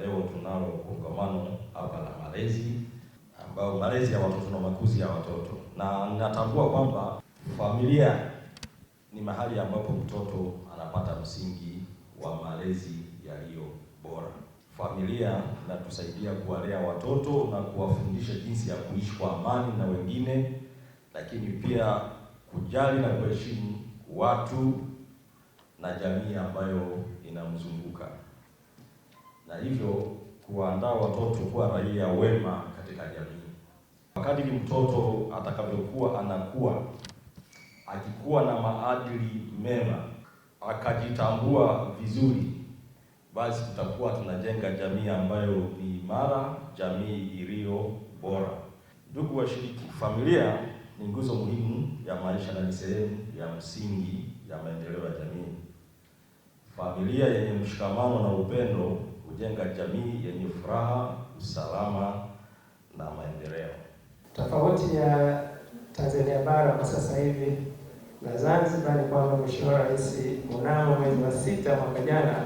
Leo tunalo kongamano hapa la malezi, ambao malezi ya watoto na makuzi ya watoto, na natambua kwamba familia ni mahali ambapo mtoto anapata msingi wa malezi yaliyo bora. Familia inatusaidia kuwalea watoto na kuwafundisha jinsi ya kuishi kwa amani na wengine, lakini pia kujali na kuheshimu watu na jamii ambayo inamzunguka na hivyo kuwaandaa watoto kuwa raia wema katika jamii. Wakati mtoto atakavyokuwa anakuwa, akikuwa na maadili mema, akajitambua vizuri, basi tutakuwa tunajenga jamii ambayo ni imara, jamii iliyo bora. Ndugu washiriki, familia ni nguzo muhimu ya maisha na ni sehemu ya msingi ya maendeleo ya jamii. Familia yenye mshikamano na upendo kujenga jamii yenye furaha, usalama na maendeleo. Tofauti ya Tanzania bara kwa sasa hivi na Zanzibar ni kwamba Mheshimiwa Rais mnamo mwezi wa sita mwaka jana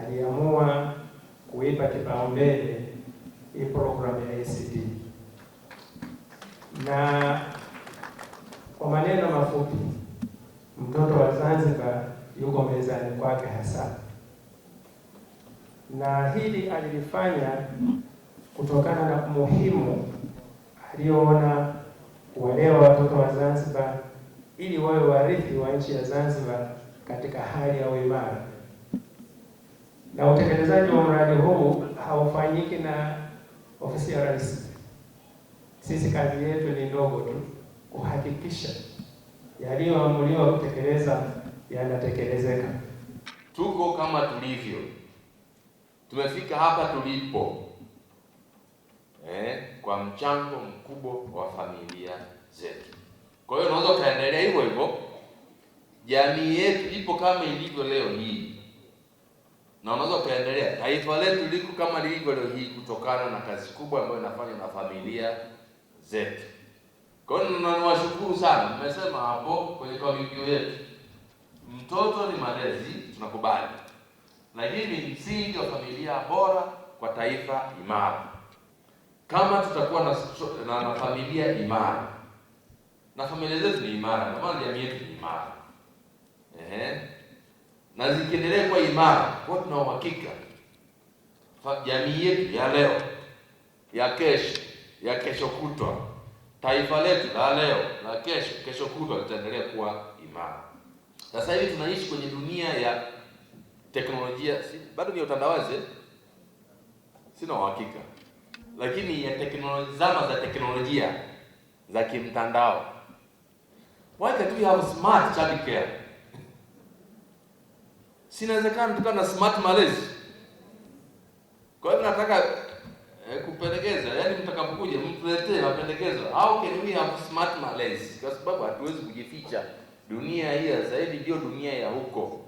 aliamua kuipa kipaumbele hii programu ya acd na kwa maneno mafupi, mtoto wa Zanzibar yuko mezani kwake hasa na hili alilifanya kutokana na umuhimu aliyoona kuwalea watoto wa Zanzibar ili wawe warithi wa nchi ya Zanzibar katika hali ya uimara. Na utekelezaji wa mradi huu haufanyiki na ofisi ya rais. Sisi kazi yetu ni ndogo tu, kuhakikisha yaliyoamuliwa kutekeleza yanatekelezeka. Tuko kama tulivyo tumefika hapa tulipo eh, kwa mchango mkubwa wa familia zetu. Kwa hiyo unaweza ukaendelea hivyo hivyo. Jamii yetu ipo kama ilivyo leo hii, na unaweza ukaendelea. Taifa letu liko kama lilivyo leo hii kutokana na kazi kubwa ambayo inafanywa na familia zetu. Kwa hiyo niwashukuru sana, mmesema hapo kwenye kauli yetu, mtoto ni malezi, tunakubali na hii ni msingi wa familia bora kwa taifa imara. Kama tutakuwa na, na, na familia imara na familia zetu ni imara, na maana jamii yetu ni imara ehe, na zikiendelea kuwa imara, kwa tuna uhakika jamii yetu ya leo ya kesho ya kesho kutwa, taifa letu la leo la kesho kesho kutwa litaendelea kuwa imara. Sasa hivi tunaishi kwenye dunia ya teknolojia bado ni utandawazi, sina uhakika, lakini ya teknolojia, zama za teknolojia za kimtandao. Why can't we have smart childcare? Sinawezekana tukawa na smart malezi. Kwa hiyo nataka eh, kupendekeza, yaani mtakapokuja mtuletee mapendekezo, how can we have smart malezi, kwa sababu hatuwezi kujificha. Dunia hii zaidi ndio dunia ya huko